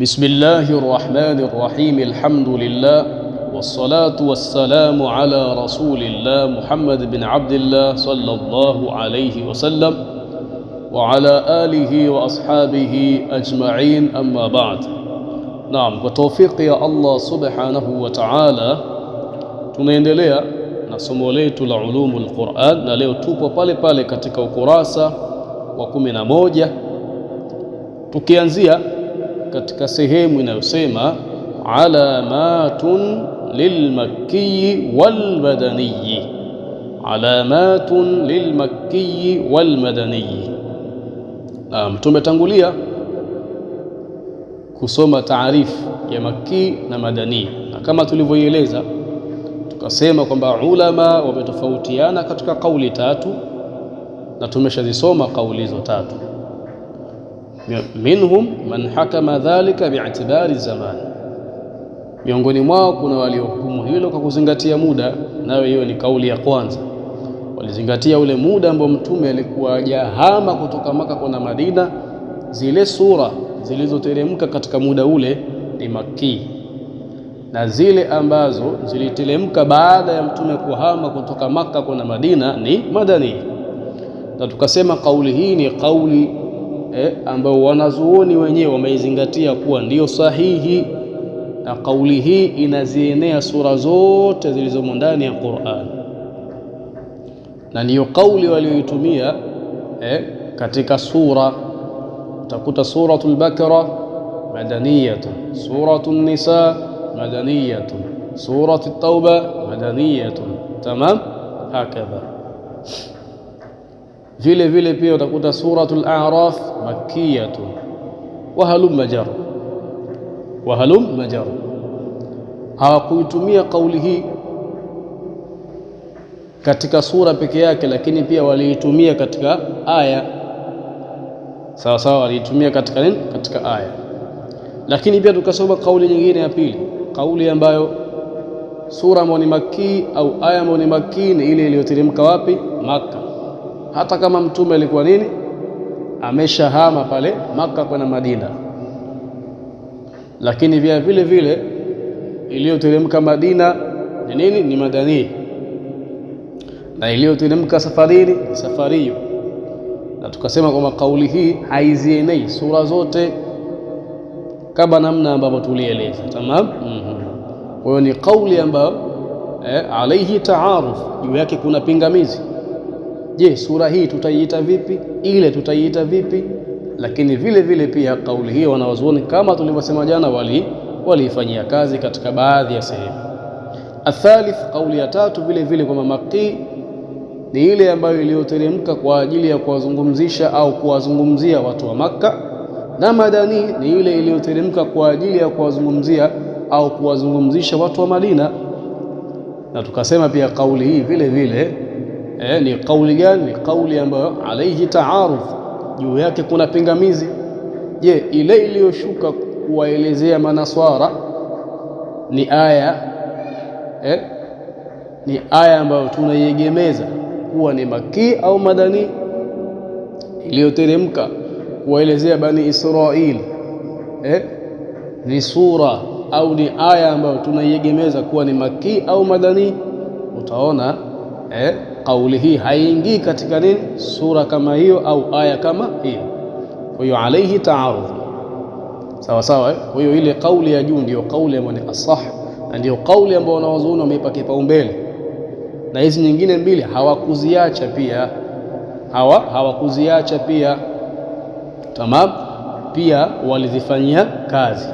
بسم الله الرحمن الرحيم الحمد لله والصلاة والسلام على رسول الله محمد بن عبد الله صلى الله عليه وسلم وعلى آله وأصحابه أجمعين أما بعد نعم وتوفيق يا الله سبحانه وتعالى tunaendelea دليا نسمو ليت العلوم القرآن نليو توبو بالي بالي كتك وكراسة وكمنا موجة wa tukianzia katika sehemu inayosema alamatun lilmakkiyi walmadaniyi, alamatun lilmakkiyi walmadaniyi. Na tumetangulia kusoma taarifu ya makki na madani, na kama tulivyoieleza tukasema kwamba ulama wametofautiana katika kauli tatu, na tumeshazisoma kauli hizo tatu minhum man hakama dhalika bi'tibari zaman, miongoni mwao kuna waliohukumu hilo kwa kuzingatia muda. Nayo hiyo ni kauli ya kwanza, walizingatia ule muda ambao mtume alikuwa ajahama kutoka Maka kwenda Madina. Zile sura zilizoteremka katika muda ule ni Makii, na zile ambazo ziliteremka baada ya mtume kuhama kutoka Maka kwenda Madina ni Madani, na tukasema kauli hii ni kauli eh, ambao wanazuoni wenyewe wameizingatia kuwa ndiyo sahihi, na kauli hii inazienea sura zote zilizomo ndani ya Qur'an, na ndiyo kauli walioitumia eh, katika sura. Utakuta suratul Bakara madaniyatun, suratul Nisa madaniyatun, suratul Tauba madaniyatun. Tamam, hakadha vile vile pia utakuta Suratul Araf makkiyatun majar wa halum majar. hawakuitumia kauli hii katika sura peke yake, lakini pia waliitumia katika aya sawa sawa, waliitumia katika nini? Katika aya. Lakini pia tukasoma kauli nyingine ya pili, kauli ambayo sura ambayo ni makii au aya ambayo ni makki ni ile iliyoteremka wapi? makka hata kama mtume alikuwa nini ameshahama pale Maka kwenda Madina, lakini vya vile vile iliyoteremka Madina ni nini? Ni madanii, na iliyoteremka safarini ni safariyo, Na tukasema kwamba kauli hii haizienei sura zote kama namna ambavyo tulieleza. Tamam. mm -hmm. Kwa hiyo ni kauli ambayo eh, alaihi taaruf, juu yake kuna pingamizi Je, sura hii tutaiita vipi? Ile tutaiita vipi? Lakini vile vile pia kauli hiyo wanawazuoni kama tulivyosema jana waliifanyia kazi katika baadhi ya sehemu. Athalith, kauli ya tatu vile vile kwamba maqi ni ile ambayo iliyoteremka kwa ajili ya kuwazungumzisha au kuwazungumzia watu wa Makka, na madani ni ile iliyoteremka kwa ajili ya kuwazungumzia au kuwazungumzisha watu wa Madina. Na tukasema pia kauli hii vile vile Eh, ni kauli gani? Ni kauli ambayo alaihi taaruf, juu yake kuna pingamizi. Je, ile iliyoshuka kuwaelezea manaswara ni aya eh, ni aya ambayo tunaiegemeza kuwa ni makii au madani, iliyoteremka kuwaelezea bani israil eh, ni sura au ni aya ambayo tunaiegemeza kuwa ni makii au madani? Utaona eh, kauli hii haingii katika nini sura kama hiyo au aya kama hiyo. Kwa hiyo alaihi taarudh, sawa sawa eh? Kwa hiyo ile kauli ya juu ndio kauli ambayo ni asah, na ndio kauli ambayo wanawazuoni wameipa kipaumbele, na hizi nyingine mbili hawakuziacha pia, hawa hawakuziacha pia, tamam. Pia walizifanyia kazi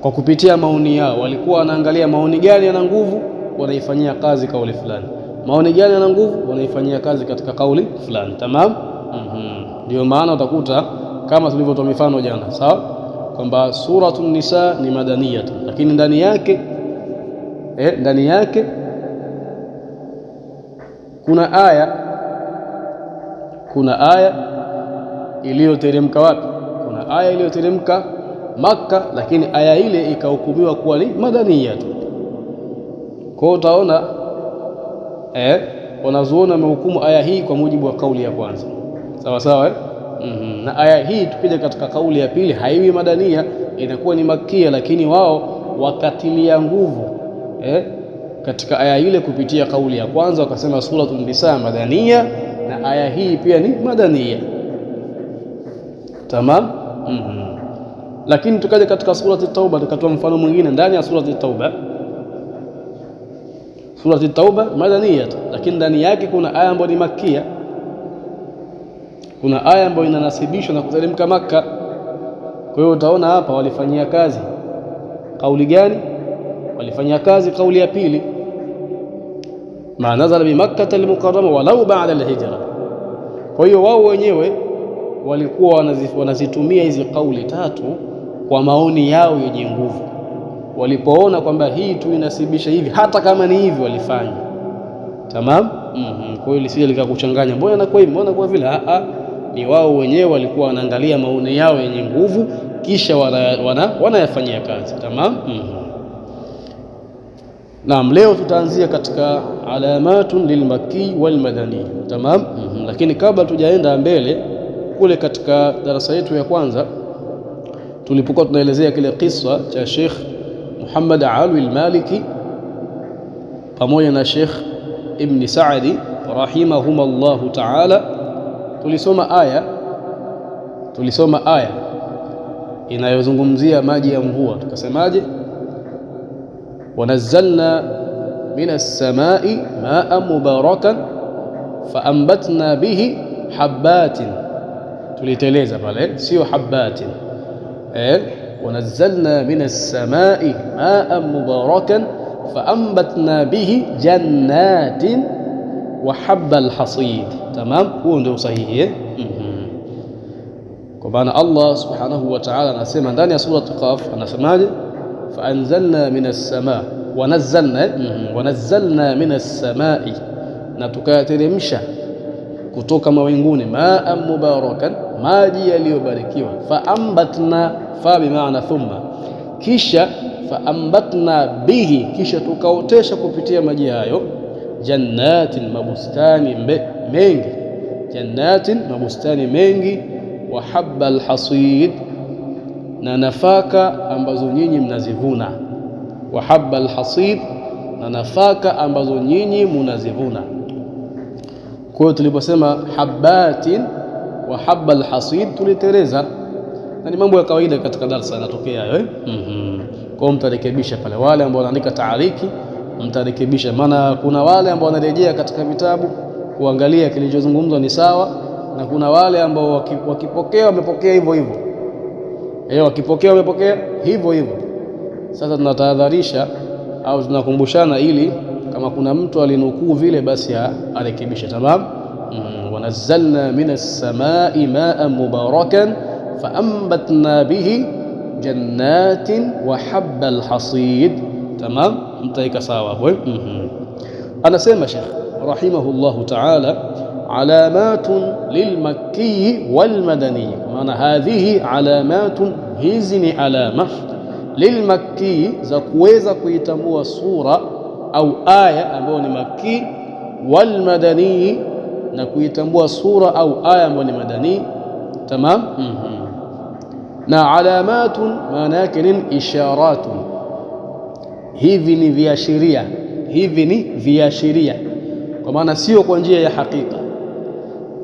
kwa kupitia maoni yao, walikuwa wanaangalia maoni gani yana nguvu, wanaifanyia kazi kauli fulani maoni gani yana nguvu, wanaifanyia kazi katika kauli fulani. Tamam, mhm. ndio maana utakuta kama tulivyotoa mifano jana, sawa, kwamba suratu Nisa ni madaniyatu, lakini ndani yake eh, ndani yake kuna aya kuna aya iliyoteremka wapi? Kuna aya iliyoteremka Makka, lakini aya ile ikahukumiwa kuwa ni madania tu. Kwa hiyo utaona eh, wanazuoni wamehukumu aya hii kwa mujibu wa kauli ya kwanza, sawa sawa eh? mm -hmm. na aya hii tukija katika kauli ya pili haiwi madania, inakuwa ni makia, lakini wao wakatilia nguvu eh, katika aya ile kupitia kauli ya kwanza wakasema Suratu Nisaa madania, na aya hii pia ni madania. Tamam. mm -hmm. Lakini tukaja katika Surati Tauba, tukatoa mfano mwingine ndani ya Surati Tauba Surati Tauba madaniya tu, lakini ndani yake kuna aya ambayo ni makia, kuna aya ambayo inanasibishwa na kuteremka Makka. Kwa hiyo utaona hapa walifanyia kazi kauli gani? Walifanyia kazi kauli ya pili, ma nazala bi makkata almukarrama walau ba'da alhijra. Kwa hiyo wao wenyewe walikuwa wanazitumia hizi kauli tatu kwa maoni yao yenye nguvu walipoona kwamba hii tu inasibisha hivi, hata kama ni hivi walifanya tamam. mm -hmm. Kwa hiyo lisije likakuchanganya, mbona na kwa hivi, mbona kwa vile. Ah, ah. Ni wao wenyewe walikuwa wanaangalia maoni yao yenye nguvu, kisha wanayafanyia wana, wana kazi tamam. mm -hmm. Naam, leo tutaanzia katika alamatun lilmakki walmadani tamam. mm -hmm. Lakini kabla tujaenda mbele kule katika darasa yetu ya kwanza tulipokuwa tunaelezea kile kisa cha Sheikh Muhammad Alwi al-Maliki pamoja na Sheikh Ibn Saadi rahimahumullahu ta'ala, tulisoma aya tulisoma aya inayozungumzia maji ya mvua, tukasemaje? wanazzalna minas samai maa mubarakan faambatna bihi habatin tuliteleza pale, sio habatin eh ونزلنا من السماء ماء مباركا فأنبتنا به جنات وحب الحصيد تمام هو صحيح إيه؟ كمان الله سبحانه وتعالى نسمع دانيا سورة قاف نسمع فأنزلنا من السماء ونزلنا ونزلنا من السماء نتكاتر مشى كتوك ما ماء مباركا maji yaliyobarikiwa. Faambatna fa bimaana thumma, kisha faambatna bihi, kisha tukaotesha kupitia maji hayo jannatin, mabustani mengi, jannatin, mabustani mengi, wa haba alhasid, na nafaka ambazo nyinyi mnazivuna. Wa haba alhasid, na nafaka ambazo nyinyi mnazivuna. Kwa hiyo tuliposema habatin wa haba alhasid tulitereza, na ni mambo ya kawaida katika darsa yanatokea hayo eh? mm -hmm. Kwa mtarekebisha pale, wale ambao wanaandika taariki mtarekebisha, maana kuna wale ambao wanarejea katika vitabu kuangalia kilichozungumzwa ni sawa, na kuna wale ambao wakipokea wamepokea hivyo hivyo, eh, wakipokea wamepokea hivyo hivyo. Sasa tunatahadharisha au tunakumbushana ili kama kuna mtu alinukuu vile basi arekebishe, tamam. ونزلنا من السماء ماء مباركا فأنبتنا به جنات وحب الحصيد تمام انتهيك صواب أنا سيما شيخ رحمه الله تعالى علامات للمكي والمدني معنى هذه علامات هزن علامة للمكي زكويزا كويتمو الصورة أو آية أبوني مكي والمدني na kuitambua sura au aya ambayo ni madani. Tamam. mm -hmm. Na alamatun maana yake ni isharatun, hivi ni viashiria, hivi ni viashiria, kwa maana sio kwa njia ya hakika.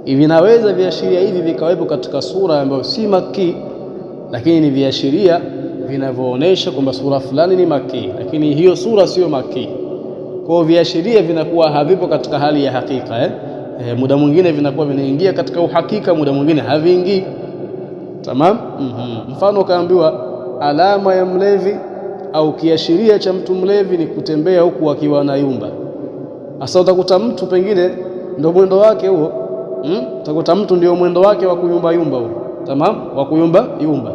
Vinaweza viashiria hivi vikawepo katika sura ambayo si maki, lakini ni viashiria vinavyoonyesha kwamba sura fulani ni maki, lakini hiyo sura sio maki. Kwa hiyo viashiria vinakuwa havipo katika hali ya hakika eh? e, muda mwingine vinakuwa vinaingia katika uhakika, muda mwingine haviingii. Tamam. mm -hmm. Mfano ukaambiwa alama ya mlevi au kiashiria cha mtu mlevi ni kutembea huku akiwa na yumba Sasa utakuta mtu pengine ndio mwendo wake huo, mm? utakuta mtu ndio mwendo wake wa kuyumba yumba huo, tamam, wa kuyumba yumba.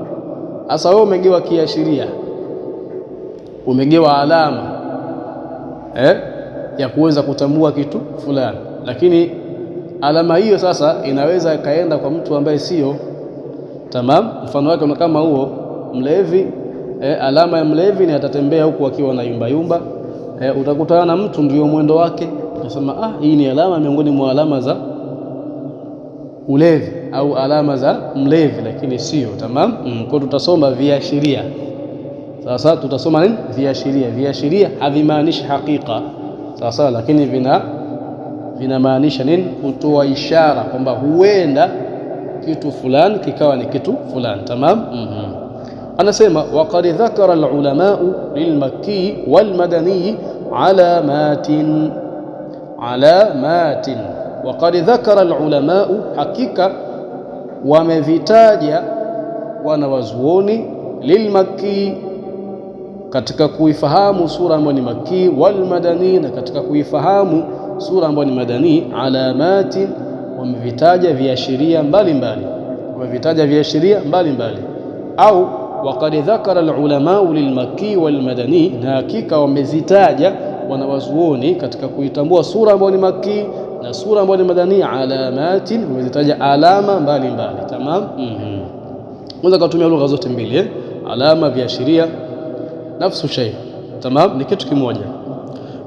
Sasa wewe umegewa kiashiria, umegewa alama eh, ya kuweza kutambua kitu fulani, lakini alama hiyo sasa inaweza ikaenda kwa mtu ambaye sio tamam. Mfano wake kama huo mlevi e, alama ya mlevi ni atatembea huku akiwa na yumba yumba. E, utakutana na mtu ndio mwendo wake unasema, ah, hii ni alama miongoni mwa alama za ulevi au alama za mlevi, lakini sio tamam. Mm, kwa tutasoma viashiria sasa, tutasoma nini? Viashiria. Viashiria havimaanishi hakika sasa, lakini vina vinamaanisha nini? Kutoa ishara kwamba huenda kitu fulani kikawa ni kitu fulani. Tamam. mm -hmm. Anasema waqad dhakara alulamau lilmakii walmadanii alamatin alamatin, waqad dhakara alulamau, hakika wamevitaja wanawazuoni lilmakii katika kuifahamu sura ambayo ni makii, walmadani na katika kuifahamu sura ambayo ni madani, alamati wamevitaja viashiria mbalimbali, wamevitaja viashiria mbalimbali au waqad dhakara alulamau lilmakii walmadani, na hakika wamezitaja wanawazuoni katika kuitambua sura ambayo ni makii na sura ambayo ni madani, alamati wamezitaja alama mbalimbali. Tamam, kwanza mhm. kutumia lugha zote mbili, eh? alama, viashiria, nafsu shay. Tamam, ni kitu kimoja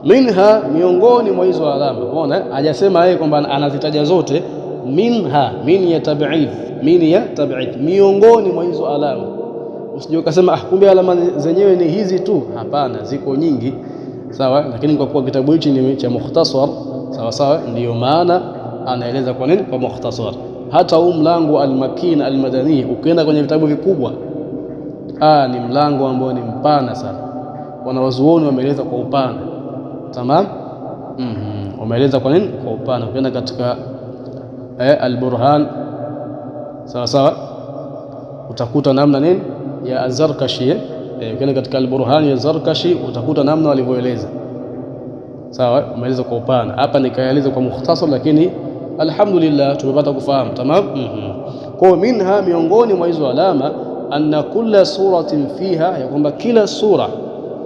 minha, miongoni mwa hizo alama. Unaona hajasema yeye kwamba anazitaja zote, minha min ya tab'id, min ya tab'id, miongoni mwa hizo alama. Usije ukasema ah, kumbe alama zenyewe ni hizi tu. Hapana, ziko nyingi, sawa. Lakini kwa kuwa kitabu hichi ni cha mukhtasar, sawa sawa, ndiyo maana anaeleza kwa nini, kwa mukhtasar. Hata huu mlango almakini almadani, ukienda kwenye vitabu vikubwa, ah, ni mlango ambao ni mpana sana, wanawazuoni wameeleza kwa upana Tamam, mhm. umeeleza kwa nini kwa upana. Ukienda katika eh, Alburhan sawa sawa, utakuta namna nini ya Azarkashi. Eh? eh, ukienda katika Alburhan ya Zarkashi utakuta namna walivyoeleza. Sawa, umeeleza kwa upana. Hapa nikaeleza kwa mukhtasar, lakini alhamdulillah tumepata kufahamu. Tamam, mhm. kwa minha, miongoni mwa hizo alama, anna kulla suratin fiha, ya kwamba kila sura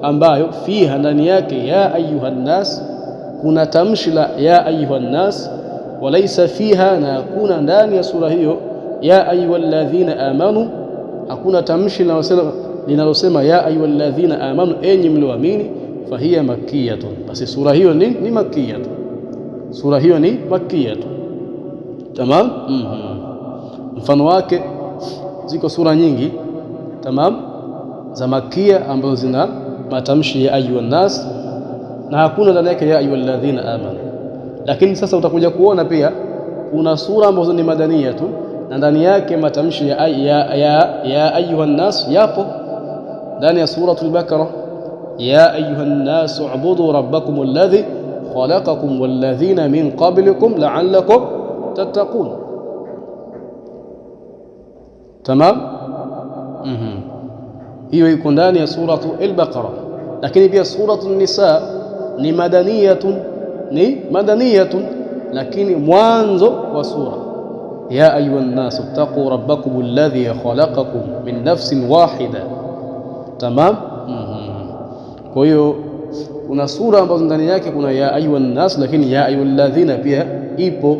ambayo fiha ndani yake ya ayuha nnas kuna tamshi la ya ayuha nnas, walaisa fiha, na hakuna ndani ya sura hiyo ya ayuha alladhina amanu, hakuna tamshi linalosema ya ayuha alladhina amanu, enyi mlioamini. Fahiya makkiyatun, basi sura hiyo ni, ni makkiyatun, sura hiyo ni makkiyatun. Tamam. mm -hmm. Mfano wake ziko sura nyingi tamam za makia ambazo zina matamshi ya ayuha nas na hakuna ndani yake ya ayuha alladhina amanu. Lakini sasa utakuja kuona pia kuna sura ambazo ni madania tu na ndani yake matamshi ya, ya, ya, ya ayuha nas yapo ndani ya Suratul Bakara, ya ayuha nas ubudu rabbakum alladhi khalaqakum walladhina min qablikum la'allakum tattaqun. Tamam. mm -hmm. hiyo iko ndani ya suratu al-Baqara lakini pia suratu an-Nisa ni madaniyatun ni madaniyatun lakini mwanzo wa sura ya ayuhan nas ittaqu rabbakum alladhi khalaqakum min nafsin wahida tamam kwa hiyo kuna sura ambazo ndani yake kuna ya ayuhan nas lakini ya ayuhal ladhina pia ipo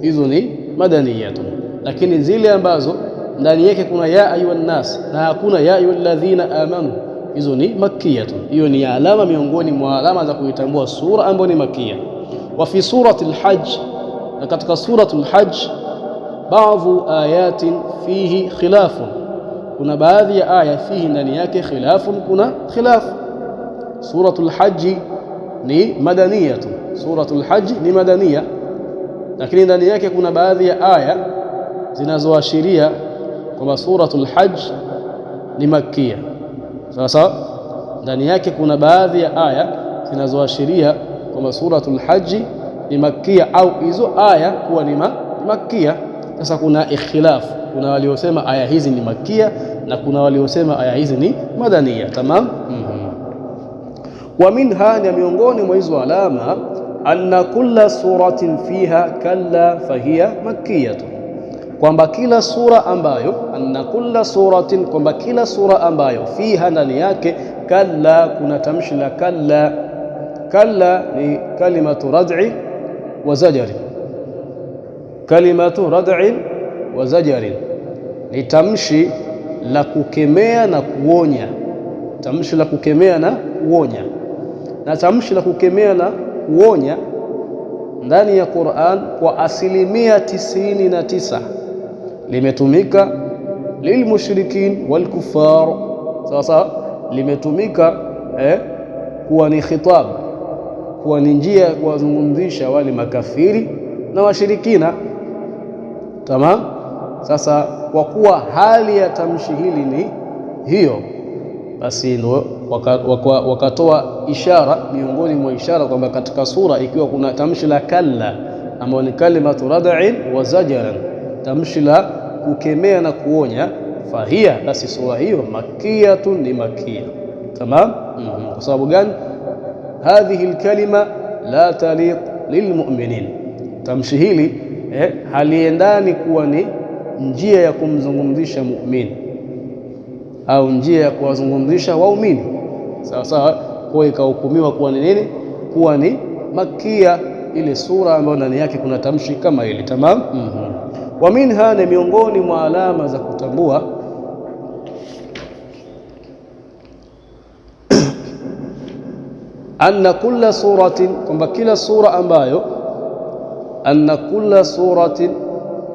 hizo ni madaniyatun lakini zile ambazo ndani yake kuna ya ayuha nnas na hakuna ya ayuha alladhina amanu. Hizo ni makkiyatun, hiyo ni alama miongoni mwa alama za kuitambua sura ambayo ni makkiya. Wa fi surati lhaj, na katika suratu lhaj baadhu ayatin fihi khilafun, kuna baadhi ya aya fihi, ndani yake khilafun, kuna khilafu. Suratu lhaji ni madaniyatu, suratu lhaji ni madaniya, lakini ndani yake kuna baadhi ya aya zinazoashiria kwamba Suratul Hajj ni makkia. sasa ndani yake kuna baadhi ya aya zinazoashiria kwamba Suratul Hajj ni makkia au hizo aya kuwa ni makkia. Sasa kuna ikhtilafu, kuna waliosema aya hizi ni makkia na kuna waliosema aya hizi ni madania. Tamam. mm -hmm. wa minha, ni miongoni mwa hizo alama, anna kulla suratin fiha kalla fahiya makkiyatu kwamba kila sura ambayo, anna kulla suratin, kwamba kila sura ambayo, fiha ndani yake, kalla kuna tamshi la kalla. Kalla ni kalimatu rad'i wa zajari, kalimatu rad'in wa zajari ni tamshi la kukemea na kuonya, tamshi la kukemea na kuonya. Na tamshi la kukemea na kuonya ndani ya Qur'an kwa asilimia tisini na tisa limetumika lilmushrikin walkufar sawa sawa, limetumika eh, kuwa ni khitab, kuwa ni njia ya kuwazungumzisha wale makafiri na washirikina. Tamam. Sasa kwa kuwa hali ya tamshi hili ni hiyo, basi ndio wakatoa waka, waka ishara miongoni mwa ishara kwamba katika sura ikiwa kuna tamshi la kalla ambayo ni kalimatu rad'in wa zajaran tamshi la kukemea na kuonya, fahia, basi sura hiyo makiyatu ni makia. Tamam. Mhm. Kwa sababu gani? hadhihi lkalima la taliq lilmuminin, tamshi hili eh, haliendani kuwa ni njia ya kumzungumzisha muumini au njia ya kuwazungumzisha waumini sawa sawa, kwa ikahukumiwa kuwa ni nini? Kuwa ni makia, ile sura ambayo ndani yake kuna tamshi kama hili. Tamam. mm -hmm. wa minha, ni miongoni mwa alama za kutambua anna kulla suratin, kwamba kila sura ambayo anna kulla suratin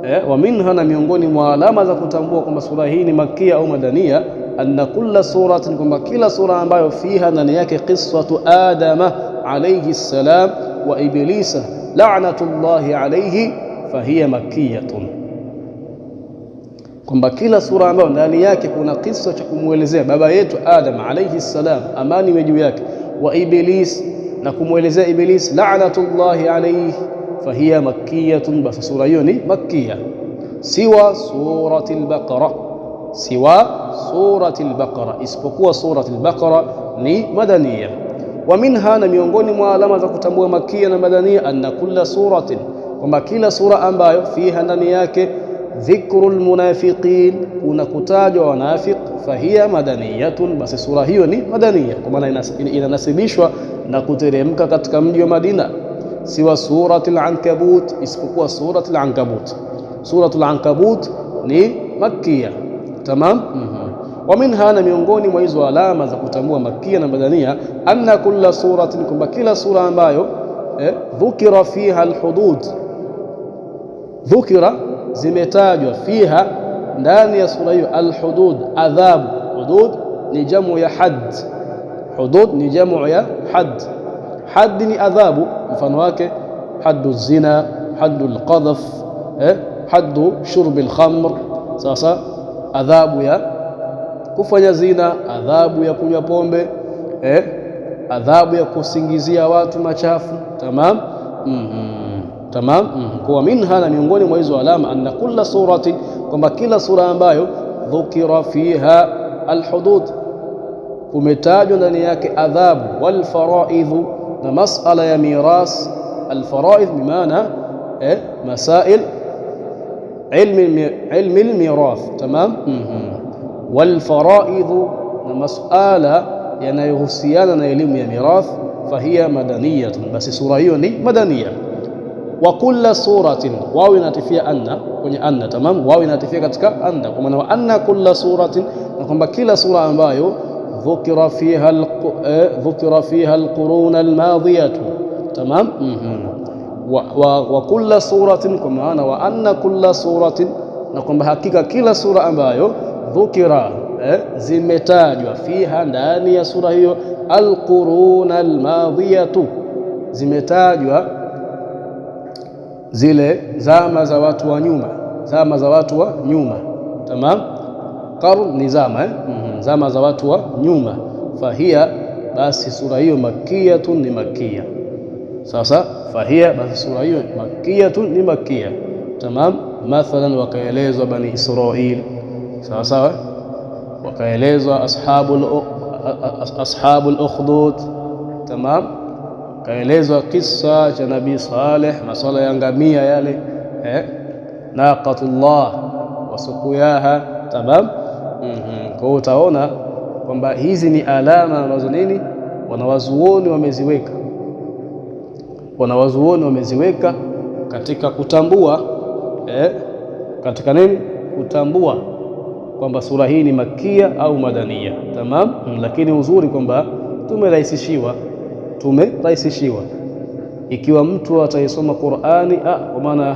eh, wa minha, na miongoni mwa alama za kutambua kwamba sura hii ni makia au madania anna kulla suratin, kwamba kila sura ambayo fiha, ndani yake qissatu Adama alayhi salam wa Iblisa la'natullahi alayhi fahiya makiyatun, kwamba kila sura ambayo ndani yake kuna kisa cha kumwelezea baba yetu Adam alayhi salam, amani iwe juu yake, wa Iblis na kumwelezea Iblis la'natullahi alayhi, fahiya makiyatun, basi sura hiyo ni makia. Siwa surati al-Baqara, siwa surati al-Baqara, isipokuwa surati al-Baqara ni madaniya. Wa minha, na miongoni mwa alama za kutambua makia na madania, anna kulla suratin kwamba kila sura ambayo fiha ndani yake dhikru lmunafiqin kuna kutajwa wanafiq fahiya madaniyatun, basi sura hiyo ni madaniya, kwa maana inanasibishwa na kuteremka katika mji wa Madina. Siwa surati lankabut, isipokuwa surati lankabut. Suratu lankabut ni makkiya. Tamam. Mhm. Wa minha, na miongoni mwa hizo alama za kutambua makkiya na madania, anna kulla suratin, kwamba kila sura ambayo eh, dhukira fiha lhudud dhukira zimetajwa fiha ndani ya sura hiyo alhudud adhabu hudud ni jamu ya hadd hudud ni jamu ya hadd hadd ni adhabu mfano wake haddu zina haddu alqadhaf eh haddu shurbi lkhamr sasa adhabu ya kufanya zina adhabu ya kunywa pombe eh adhabu ya kusingizia watu machafu tamam mm -hmm. Tamam, kwa minha, na miongoni mwa hizo alama, anna kulla surati, kwamba kila sura ambayo dhukira fiha alhudud, kumetajwa ndani yake adhabu, walfaraidhu, na masala ya miras. Alfaraidh bimaana eh, masail ilmi lmirath. Tamam, walfaraidhu, na masala yanayohusiana na elimu ya mirath. Fahiya madaniyatun, basi sura hiyo ni madaniya wa kulla suratin, wao inatifia anna kwenye anna, tamam. Wao inatifia katika anna, kwa maana anna kulla suratin, na kwamba kila sura ambayo dhukira fiha dhukira fiha alqurun almadiyatu, tamam. Wa kulla suratin, kwa maana wa anna kulla suratin, na kwamba hakika kila sura ambayo dhukira zimetajwa fiha ndani ya sura hiyo alqurun almadiyatu zimetajwa zile zama za watu wa nyuma, zama za watu wa nyuma. Tamam, qarn ni zama eh? mm -hmm. zama za watu wa nyuma. Fahia, basi sura hiyo makia makiyatun, ni makia. Sasa fahia, basi sura hiyo makia makiyatun, ni makia. Tamam, mathalan wakaelezwa Bani Israil, sawa sawa, wakaelezwa ashabul ashabul ukhdud. Tamam kaelezwa kisa cha Nabii Saleh, maswala ya ngamia yale, eh, naqatullah wasukuyaha. Tamam, mhm. kwa hiyo utaona kwamba hizi ni alama ambazo nini wanawazuoni wameziweka, wanawazuoni wameziweka katika kutambua eh, katika nini kutambua kwamba sura hii ni makia au madania. Tamam, lakini uzuri kwamba tumerahisishiwa tumerahisishiwa. Ikiwa mtu ataisoma Qur'ani, ah, kwa maana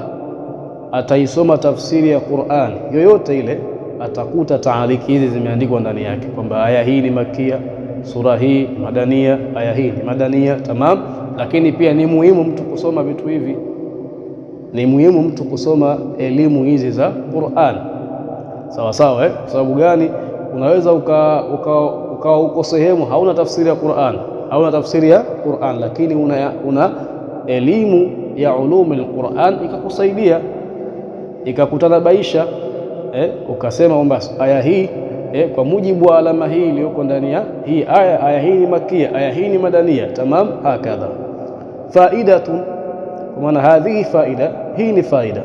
ataisoma tafsiri ya Qur'ani yoyote ile, atakuta taaliki hizi zimeandikwa ndani yake, kwamba aya hii ni makia, sura hii madania, aya hii ni madania. Tamam, lakini pia ni muhimu mtu kusoma vitu hivi, ni muhimu mtu kusoma elimu hizi za Qur'ani. Sawa sawa, eh? Kwa sababu gani? Unaweza ukawa uka, uka uko sehemu hauna tafsiri ya Qur'ani hauna tafsiri ya Qur'an, lakini una, una elimu ya ulumul Qur'an ikakusaidia ikakutanabaisha eh, ukasema kwamba aya hii eh, kwa mujibu wa alama hii iliyoko ndani ya hii aya, aya hii ni makia, aya hii ni madania. Tamam, hakadha faidatun, kwa maana hadhihi faida, hii ni faida.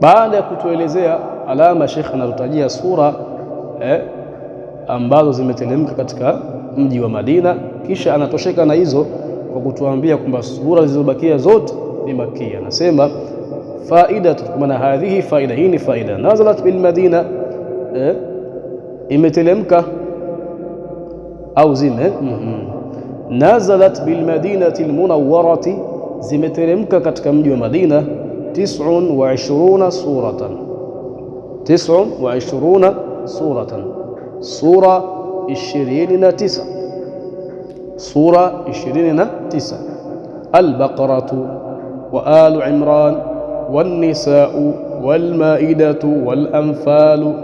Baada ya kutuelezea alama, Sheikh anatutajia sura eh, ambazo zimetelemka katika mji wa Madina, kisha anatosheka na hizo kwa kutuambia kwamba sura zilizobakia zote ni Makia. Anasema faida maana hadhihi faida, hii ni faida. Nazalat bil Madina, eh, imetelemka au zime mm -hmm. Nazalat bil Madinati lmunawwarati, zimeteremka katika mji wa Madina tis'un suratan, tis'un suratan sura 29 سورة 29 البقرة وآل عمران والنساء والمائدة والأنفال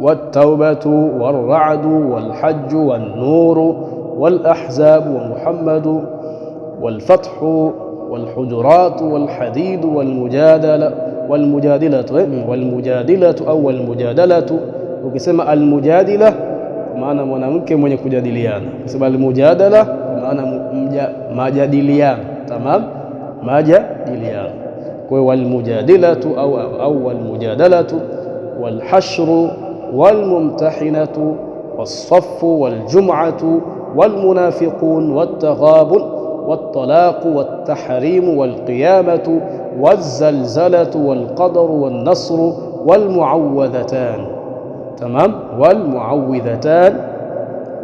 والتوبة والرعد والحج والنور والأحزاب ومحمد والفتح والحجرات والحديد والمجادلة والمجادلة والمجادلة أو المجادلة وكسم المجادلة maana mwanamke mwenye kujadiliana, kwa sababu almujadala maana mja majadiliano. Tamam, majadiliano. Kwa hiyo walmujadilatu au, au walmujadalatu walhashru walmumtahinatu walsafu waljum'atu walmunafiqun waltaghabun والطلاق والتحريم والقيامة والزلزلة والقدر والنصر والمعوذتان تمام والمعوذتان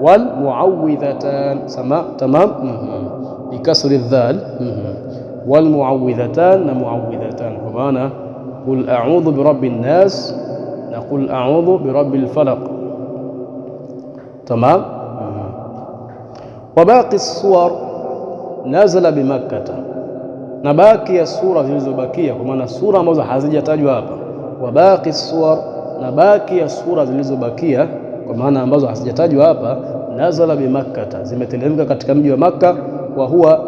والمعوذتان سماء تمام بكسر الذال والمعوذتان معوذتان بمعنى قل أعوذ برب الناس نقول أعوذ برب الفلق تمام وباقي الصور نزل بمكة نباقي الصورة في زبكية zilizobakia الصورة موزة sura ambazo وباقي الصور na baki ya sura zilizobakia kwa maana ambazo hazijatajwa hapa, nazala bimakkata, zimeteremka katika mji wa Makka. wa huwa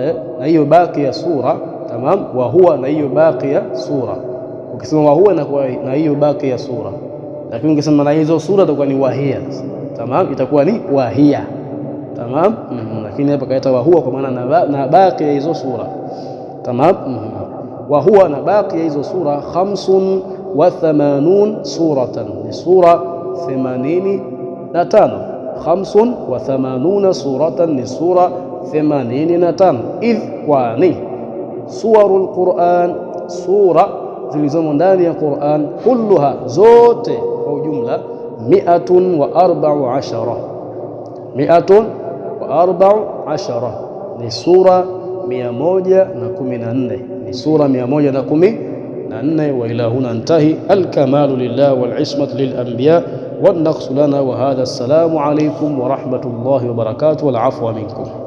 eh, na hiyo baki ya sura tamam. wa huwa na hiyo baki ya sura, ukisema wa huwa na hiyo baki ya sura, lakini ukisema na hizo sura itakuwa ni wahia tamam, itakuwa ni wahia tamam. mm -hmm. Lakini hapa kaita wa huwa kwa maana na, ba, na baki ya hizo sura tamam. mm -hmm. wa huwa na baki ya hizo sura khamsun wa thamanun suratan, ni sura themanini na tano. Khamsun wa thamanuna suratan, ni sura themanini na tano. Idh, kwani suwarul Qur'an, sura zilizomo ndani ya Qur'an, kulluha, zote kwa ujumla, miatun wa arbau ashara, miatun wa arbau ashara, ni sura mia moja na kumi na nne, ni sura mia moja na kumi نانا وإلى هنا انتهي الكمال لله والعصمة للأنبياء والنقص لنا وهذا السلام عليكم ورحمة الله وبركاته والعفو منكم